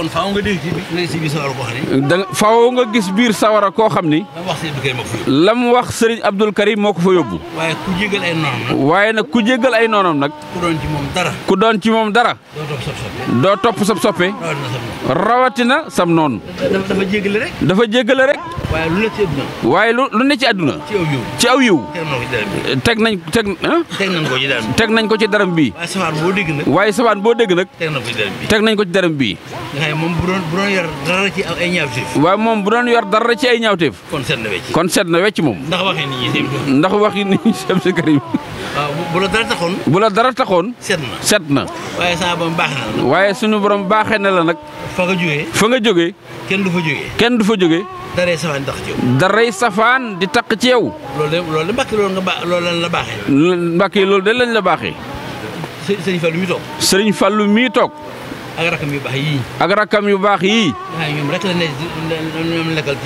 kon faaw nga dégg ci biir sawara koo xam ne. da faaw nga gis biir sawara koo xam ni. la mu wax Serigne Abdul Karim moo ko fa yóbbu. waaye ku jégal ay waaye nag ku jégal ay noonam nag. ku ku doon ci moom dara. doo topp sab soppe. sam noonu. dafa jégale rek. dafa jégale rek. waaye lu ne ci àdduna. waaye lu lu ne ci àdduna. ci ci aw yiw. teg nañ ah? teg nañ ko ci daram bi. teg nañ ko ci daram bi. waaye safaan boo dégg nag. waaye safaan boo dégg nag. teg nañ ko ci daram bi. waaye moom bu doon bu doon yor dara ci ay ñaawteef. moom bu doon yor dara ci ay ñaawteef. kon seet na wecc. kon seet na wecc moom. ndax waxi nit ñi dem ndax waxi nit ñi dem si Karim. Ah, bu la dara taxoon. bu la dara taxoon. seet na seet na. waaye saa borom baax na la. waaye suñu borom baaxee na la nag. fa nga jógee. fa nga jógee. kenn du fa jógee. kenn du fa jógee. daray safaan di tax ci yow. daray safaan di tax ci yow. loolu de loolu de mbàkk loolu nga ba loolu la baaxee. mbàkk yi loolu de lañ la baaxee. sëriñ lu mi toog. sëriñ Fallou mi toog. ak rakam yu baax yii. la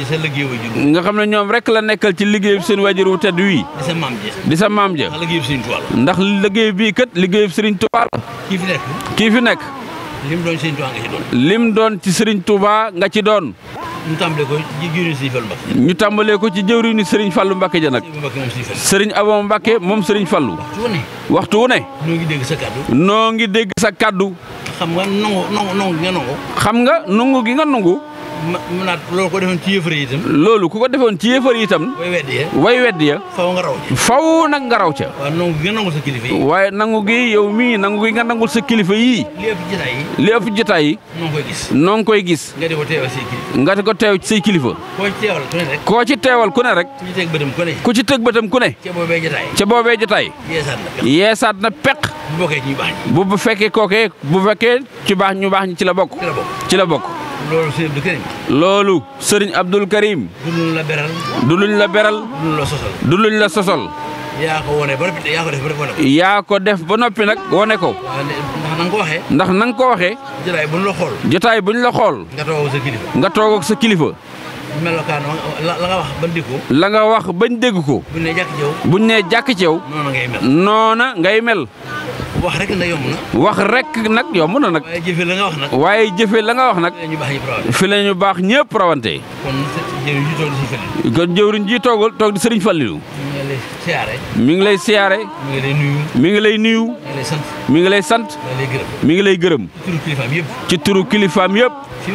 sa liggéey wajur nga xam ne ñoom rek la nekkal ci liggéeyu seen wajur wu tedd wii. di sa maam ja di sa maam ndax liggéey bii kat liggéeyu Serigne Touba la. kii fi nekk. kii fi lim doon ci sëriñ lim nga ci doon. ñu tàmbalee ko ci jëwriñu Serigne Fallou Mbacké. ñu tàmbalee ko ci jëwriñu Serigne Fallou Mbacké ja nag. Serigne Abo Mbacké moom Serigne fallu waxtu wu ne. noo ngi dégg sa kaddu. xam nga nangu nangu nangu gi nga nangu. xam nga nongo gi nga nangu. mën naa loolu ko defoon ci yëfër yi itam. loolu ku ko defoon ci yëfër yi itam. way weddi ya way weddi ya. faw nga raw ca faw nag nga raw ca. waaw nangu gi nga nangul sa kilifa yi. waaye nangu gi yow mii nangu gi nga nangul sa kilifa yii. li ëpp jotaay yi. li ëpp jotaay yi. noo ngi koy gis. noo ngi koy gis. nga di ko teewal say kilifa. nga di ko teew ci say kilifa. koo ci teewal ku ne rek. koo ci teewal ku ne rek. ku ci teg bëtam ku ne. ku ci teg bëtam ku ne. ca boobee jotaay. ca boobee jotaay. yeesaat na peq. bu fekkee ci ñu baax ñi. bu fekkee kookee bu fekkee ci baax ñu baax ñi ci la bokk. ci la bokk. loolu sëriñ loolu sëriñ Abdul Karim. du luñ la beral. du luñ la beral. du luñ la sosal. du yaa ko wane ba noppi def ba noppi. nag wane ko. ndax na ko waxee. ndax na nga ko waxee. jotaay buñ la xool. jotaay buñ la xool. nga sa kilifa. nga toog ak sa kilifa. melokaan la nga wax bañ dégg ko. la nga wax bañ dégg ko. buñ nee jàkk ceew. jàkk ceew. noona ngay noona ngay mel. wax rek na yomb na. wax rek nag yomb na nag. waaye jëfe la nga wax nag. waaye jëfe la nga wax nag. fi la ñu baax ñëpp rawante. kon jëwriñ ji toogul toog di sëriñ Fallilu. mi ngi lay siyaare. mu ngi lay nuyu. mi ngi lay nuyu. mi ngi lay sant. mi ngi lay gërëm. ci turu kilifaam yëpp. fi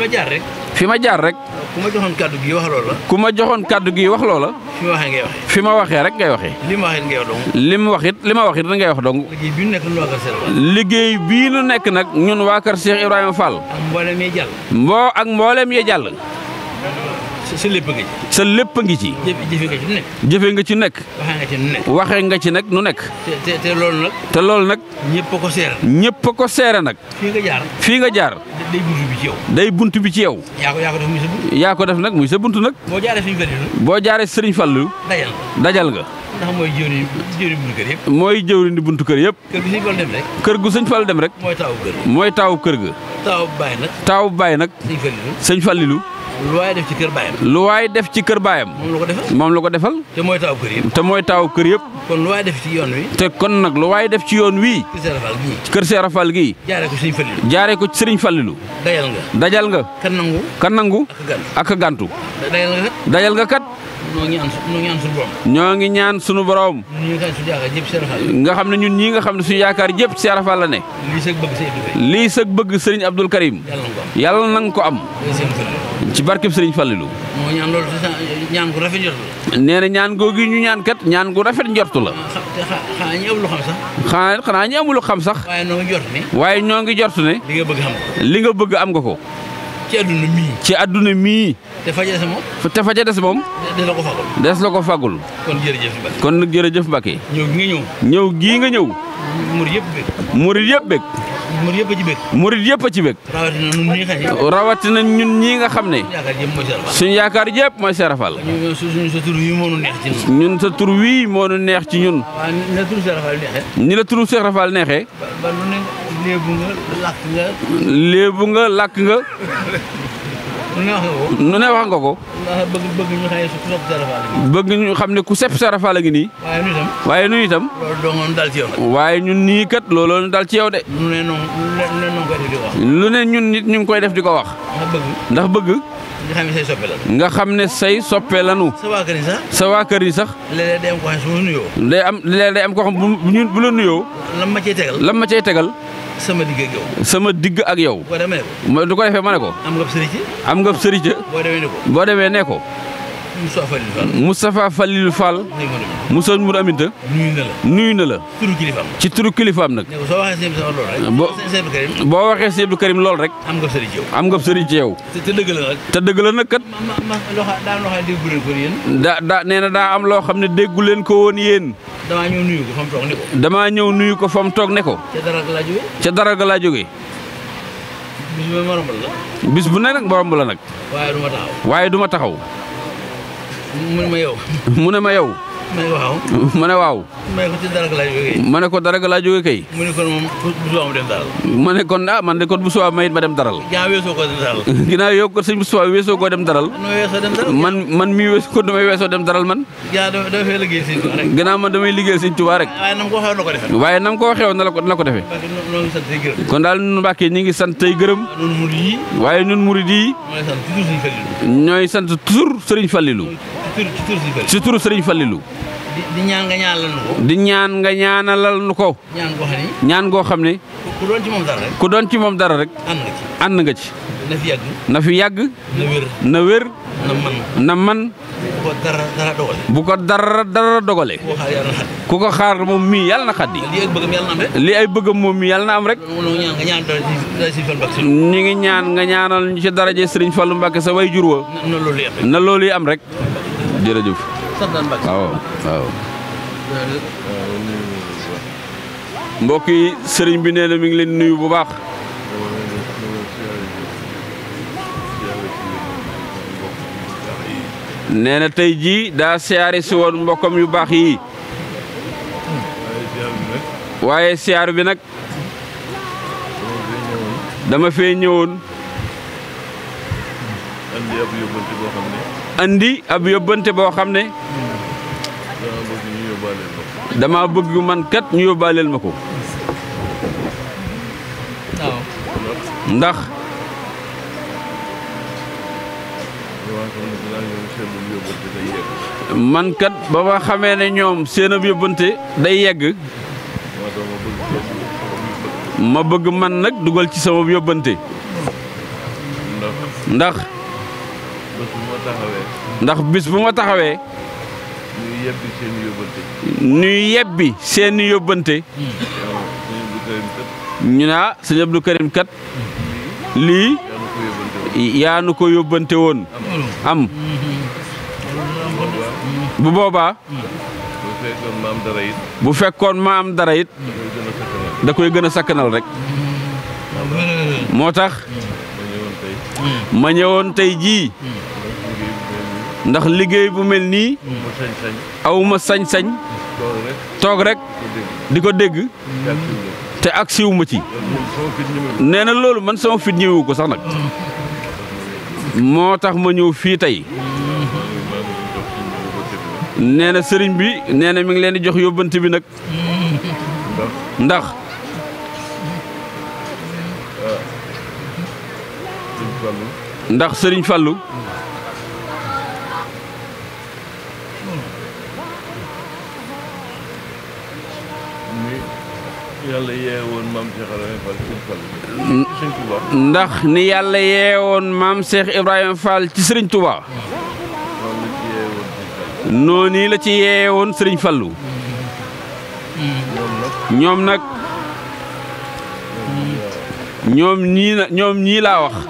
ma jaar rek. ku ma joxoon kàddu gi wax loola. ku ma fi ma waxee rek ngay waxee. li waxit li ma waxit li ngay wax dong. liggéey bii nu nekk nag ñun waa kër Cheikh Ibrahima Fall. ak jàll. mboo ak mboolem yi jàll. sa lépp nga ngi ci. jëfe nga ci nekk. jëfe nga ci nekk. waxee nga ci nekk. waxee nga nu nekk. te loolu nag. te loolu nag. ko seere. nag. fii nga jaar. fii nga jaar. day buntu bi ci yow. day buntu bi ci yow. yaa ko def nag muy sa buntu nag. boo jaaree Serigne Fallou. boo jaaree Serigne Fallou. dajal dajal nga. ndax mooy jëwriñ jëwriñ buntu kër yëpp. mooy jëwriñ yëpp. kër gu sëñ Fall gu sëñ Fall dem rek. mooy taawu kër mooy taawu kër ga. taawu baay nag. taawu baay nag. sëñ sëñ Fallilu. lu waay def ci kër baayam. lu waay def ci kër baayam. moom la ko defal moom la ko defal. te mooy taawu kër yëpp. te mooy taawu kër yëpp. kon lu waay def ci yoon wi. te kon nag lu waay def ci yoon wii. kër Seera Fall gii. jaare ko sëñ Fallilu. jaare ko sëriñ Fallilu. dajal nga. dajal nga. kan nangu. ak gantu. dajal nga kat. ñoo ngi ñaan suñu borom. ñoo ngi ñaan suñu borom. nga xam ne ñun ñii nga xam ne suñu yaakaar jépp ci Serap Fall la ne. lii sëg bëgg sëriñ Abdul Karim. yàlla na nga ko am. ci barkeb sëriñ Fallilu. ñaan gu rafet njortu la. nee ñaan googu ñu ñaan kat ñaan gu rafet njortu la. xanaa ñi amul xam sax. xanaa xanaa xam sax. waaye ñoo ngi jort ne. waaye ñoo ngi jort ne. li li nga bëgg am nga ko. ci adduna mii. ci adduna mi te fa ca des moom. te des la ko fagul. des la ko fagul. kon jërëjëf Mbacke. kon nag jërëjëf Mbacke. ñëw gi nga ñëw. ñëw gii nga ñëw. murid yëpp bëgg. murid yëpp bëgg. murit yëpp a ci bëgg. yëpp a rawatina ñun ñii nga xam ne. suñ yaakaar yëpp mooy serafal. ñun sa tur wii moo nu neex ci ñun. ñi la turu serafal neexee. léebu nga làkk nga làkk nga. nu ne wax nga ko. bëgg ñu xam ne ku sepp Serapha la ngi. nii. waaye ñun itam. waaye ñun ñu waaye ñun nii kat looloo ñu dal ci yow de. lu ne ñun lu ne ñun nit ñu ngi koy def di ko wax. ndax bëgg. nga xam ne say soppe la. nga xam ne say soppe la nu. sa waa yi sax. sa waa kër yi sax. léeg-léeg day am koo xam am léeg-day bu la nuyoo. lan ma cay tegal lan ma cay tegal. sama digg ak sama digg ak yow. boo demee ko. du ko defee ma ne ko. am nga sëriñ ci. am nga sëriñ ci. boo demee ne boo demee ne ko. Moustapha Falilou Fall. Moustapha Falilou Aminta. nuyu na la nuyu na la. turu ci turu kilifaam nag. boo waxee Seydou boo waxee Seydou lool rek. am nga sëriñ ci yow. nga sëriñ ci te dëgg la nag. te dëgg la nag kat. daa daa am loo xam ne déggu leen ko woon yéen. damaa ñëw nuyu ko fa mu toog ne ko. damaa ñëw nuyu ca dara ga laa jógee. bis bu ne nag borom la nag. waaye du taxaw. mu ne ma yow. mu ne ma yow. ma ne waaw. ma ne waaw. ma ne ko ci dara ga laa ma ne ko dara ga kay. mu ne kon moom bu dem daral. ma ne kon ah man de kon bu subaa ma it ma dem daral. ginnaaw weesoo koo dem daral. ginnaaw yow ko sëñ bu weesoo koo dem daral. man man mii weesoo ko damay weesoo dem daral man. ginnaaw damay damay liggéeyal sëñ Tuubaa rek. ginnaaw man damay rek. waaye nam ko waxee woon na ko defee. waaye nam ko waxee woon na la ko na kon daal ñun Mbàkke ñi ngi sant tey gërëm. waaye ñun murid yi. ñooy sant toujours Sëriñ Fallilu. ci turu Sëriñ Fallilu. di ñaan nga ñaanalal nu ko. di ñaan nga ñaanalal nu ko. goo xam ne. ku doon ci moom dara rek. ku ànd nga ci ànd na fi yàgg. na wér. na man bu ko dara dara dogale. bu ku ko xaar moom mii yàlla na xaddi. lii ay bëggam moom mii yàlla na am rek. ñu ngi ñaan nga ñaanal ñu ci daraje Serigne Fallou Mbacke sa way jur wa. na loolu yi am rek. jërëjëf. Soxna yi sëriñ bi nee na mi ngi leen nuyu bu baax. nee na tey jii daa siyaare si woon mbokkam yu baax yi. waaye siyaar bi nag. dama fee ñëwoon. andi ab yóbbante boo xam ne dama bëgg mankat kat ñu yóbbaaleel ma ko ndax mankat ba ma xamee ne ñoom seen ab yóbbante day yegg ma bëgg man nag dugal ci sama yóbbante ndax ndax bis bu ma taxawee. ñuy yebbi seeni yóbbante. ñuy yebbi seen yóbbante. ñu naa ah sëñ Abdou Karim kat. lii yaa nu ko yóbbante woon. am bu boobaa. bu fekkoon ma am dara it. da koy gën a sakkanal rek. moo tax. ma ñëwoon tey jii. ndax liggéey bu mel nii awma sañ-sañ toog rek di ko dégg te ak ma ci nee na loolu man sama fit ñëwu ko sax nag moo tax ma ñëw fii tey nee na sëriñ bi nee na mi ngi leen di jox yóbbante bi nag ndax ndax sëriñ Fallou yàlla yeewoon maam ndax ni yàlla yeewoon maam seex Ibrahima Fall ci Serigne Touba. noonu la ci yeewoon sëriñ Fallou. ñoom nag. ñoom ñii laa wax.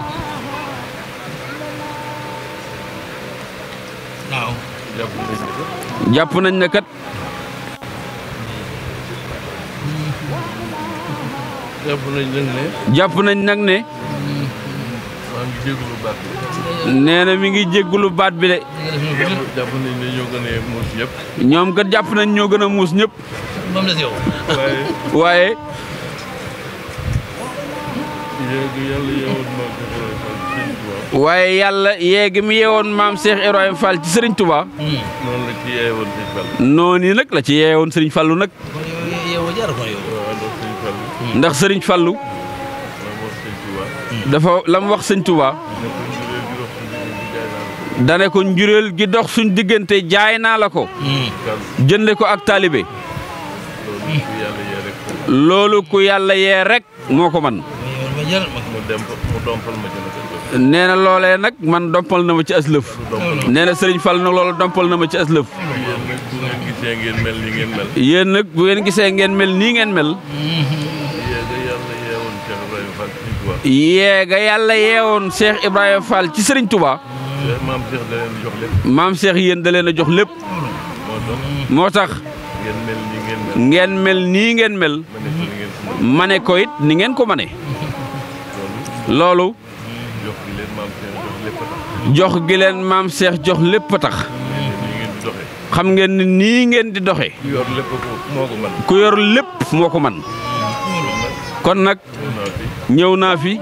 jàpp nañ nag ne. jàpp nañ nag ne. maa nee na mi ngi jégalu baat bi de. a muus ñëpp. ñoom kat jàpp nañ ñoo gën a muus ñëpp. waaye. waaye. waaye yàlla yeegi maam Cheikh Ibrahima Fall ci Serigne noonu la ci yeewoon Serigne Fall. noonu yi nag la ci yeewoon Serigne Fallu nag. ndax sëriñ Fallou dafa lam wax sëñ Touba dane ko njuréel gi dox suñ diggante jaay naa la ko jënde ko ak taalibe loolu ku yàlla yee rek moo ko man nee na loolee nag man dompal na ma ci aslëf nee na sëriñ Fall na loolu dompal na ma ci aslëf yéen nag bu ngeen gisee ngeen mel nii ngeen mel yee ga yàlla yeewoon seex Ibrahima Fall ci Serigne Touba. maam seex da yéen da leen a jox lépp. moo tax. ngeen mel nii ngeen mel. mane ko it ni ngeen ko mane. loolu. jox gi leen maam seex jox lépp a tax. xam ngeen ni nii ngeen di doxe ku yor lépp moo ko mën. kon nag. ñëw naa fi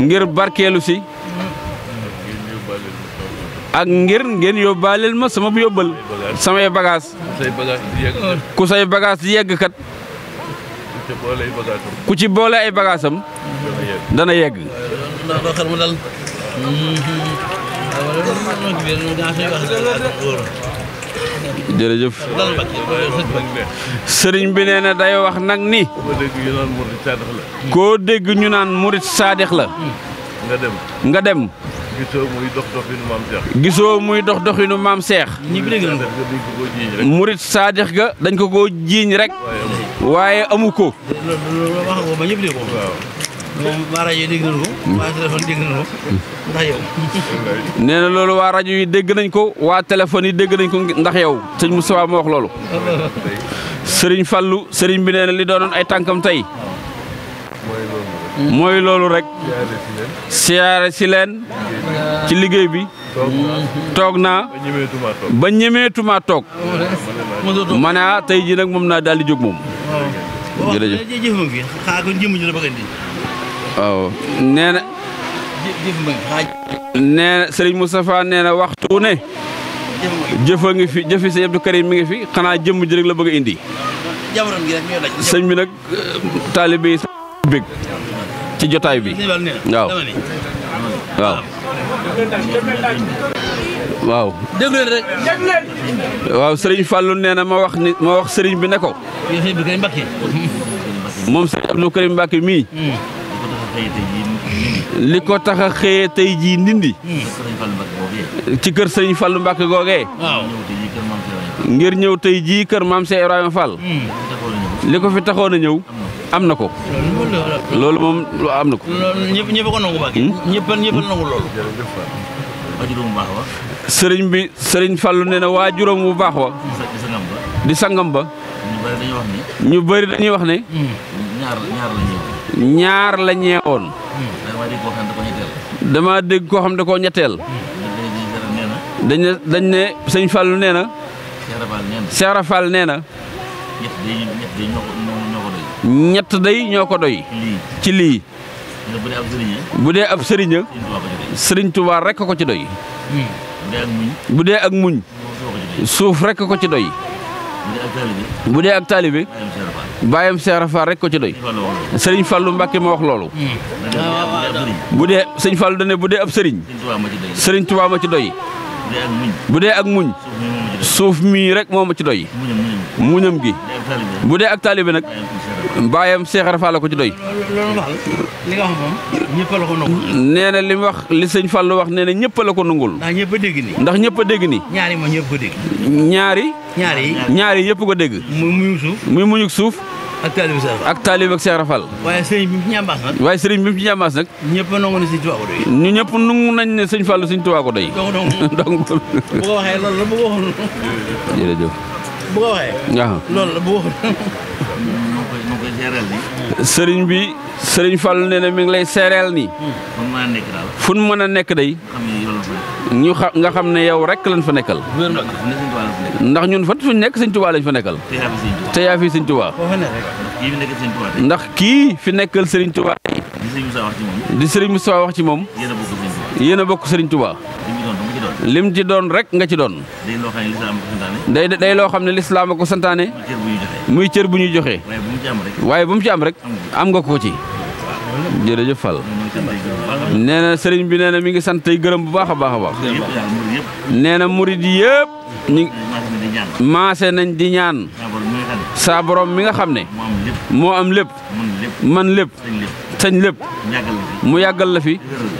ngir barkeelu si ak ngir ngeen yóbbaaleel ma sama yóbbal samay bagaas ku say bagaas di yegg kat ku ci boole ay bagaasam dana yegg jërëjëf sëriñ bi nee na day wax nag ni koo dégg ñu naan murit saadix la nga dem nga gisoo muy dox doxinu maam Cheikh. gisoo muy murit saadix ga dañ ko ko jiiñ rek waaye amu ko moom waa rajo mm. loolu waa rajo yi dégg nañ ko waa téléphone yi dégg nañ ko ndax yow sëñ Moustapha moo wax loolu. sëriñ Fallou sëriñ bi nee na li doonoon ay tànkam tey. mooy loolu rek. siyaare si leen. ci liggéey bi. toog naa ba ñemeetuma toog. ma ne ah, tey jii nag moom naa daal di jóg moom. waaw nee na nee sëriñ Moustapha nee waxtu ne jëfa ngi fi jëfi sëñ Abdou Karim mi ngi fi xanaa jëmm ji rek la bëgg a indi sëñ bi nag euh, taalibe yi sax ci jotaay bi waaw waaw waaw dégg sëriñ Fallou nee ma wax ni ma wax sëriñ bi ne ko moom sëriñ Abdou Karim Mbacke mii hmm. li ko tax a xëyee tey jii ndindi. ci kër sëñ fallu Mbacke googee. ngir ñëw tey jii kër maam Cheikh Ibrahima hmm. li ko fi taxoon a ñëw. am na ko. loolu moom am na ko. ñëpp ñëpp hmm? sëriñ bi sëriñ Fallou nee na waajuram bu baax wa. di sangam ba. ñu bari dañuy wax ne. ñaar ñaar la dama dégg koo xam ne da koo ñetteel. dañ ne dañ ne sëñ Fallu nee na. Seera nee na. ñett day ñoo ko doy. ci lii. bu dee ab sëriñ sëriñ Tuubaa rekk ko ci doy. Hmm. bu dee ak muñ. suuf rekk ko ci doy. bu dee ak taalibe bàyyam Seera Faal rek ci doy sëriñ Fallu Mbàkke ma wax loolu hmm. bu dee sëriñ Fallu dane bu dee ab sëriñ sëriñ Tuubaa ma ci doy bu dee ak muñ suuf mii rek moo ma ci doy muñam gi bu dee ak taalibe nag bàyyam seexar Fall ko ci doy li nga wax la ko nangul nee na li mu wax li sëñ Fall wax nee na la ko nangul ndax ñëpp a dégg ni ndax ñëpp a dégg ni ñaari moom ñëpp ko ñaari ñaari ko dégg muy muñu suuf ak taalibe Cheikh Rafal. ak taalibe ak Cheikh waaye sëriñ bi mu ci ñambaas nag. waaye sëriñ bi mu ci ñëpp nangu na sëñ Tuubaa ko doy. ñu ñëpp nangu nañ ne sëñ Fallu sëñ Tuubaa ko doy. donc bu ko la bu ko waxoon. waxee. waaw loolu sëriñ bi sëriñ Fallu nee mi ngi lay seereel nii. Hmm. fu mën a nekk day. ñu xam nga xam ne yow rek lañ fa nekkal. ndax ñun fa suñ nekk sëñ Tuubaa lañ fa nekkal. te yaa fi sëñ ndax kii fi nekkal sëriñ Tuubaa. di sëriñ Moussa wax ci moom. yéen a bokk sëriñ Tuubaa. lim ci doon rek nga ci doon. day day loo xam ne lislaam ko santaane. muy cër bu ñuy joxe. waaye bu mu ci am rek. am nga ko ci. jërëjëf Fall nee na sëriñ bi nee na mi ngi sant tey gërëm bu baax a baax a baax nee na murid yëpp ñi maase nañ di ñaan saa boroom mi nga xam ne moo am lépp man lépp sañ lépp mu yàggal la fi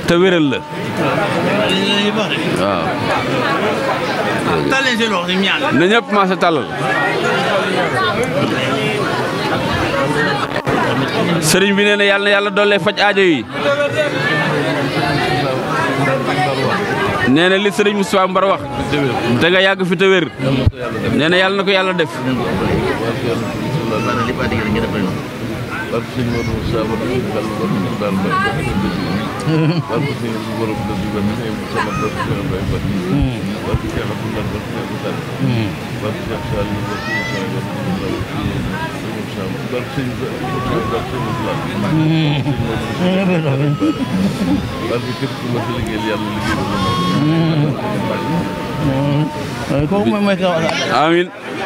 te wéral la waaw na maase tàllal sëriñ bi nee na yàlla yàlla doole faj aajo yi nee na li sëriñ Moustapha Mbar wax te nga yàgg fi te wér nee na yàlla na ko yàlla def barke Sëñ Abdou Borom la bi ba Sëñ Abdou Samad barke Sëñ Abdoulaye Ba barke Sëñ Abdou Ndar barke Sëñ Abdou Sall barke Sëñ Saliou barke Sëñ Sall barke Sëñ Sall barke Sëñ Sall barke Sëñ Sall barke képp ku ma fi liggéeyal yàlla liggéey bu ma amiin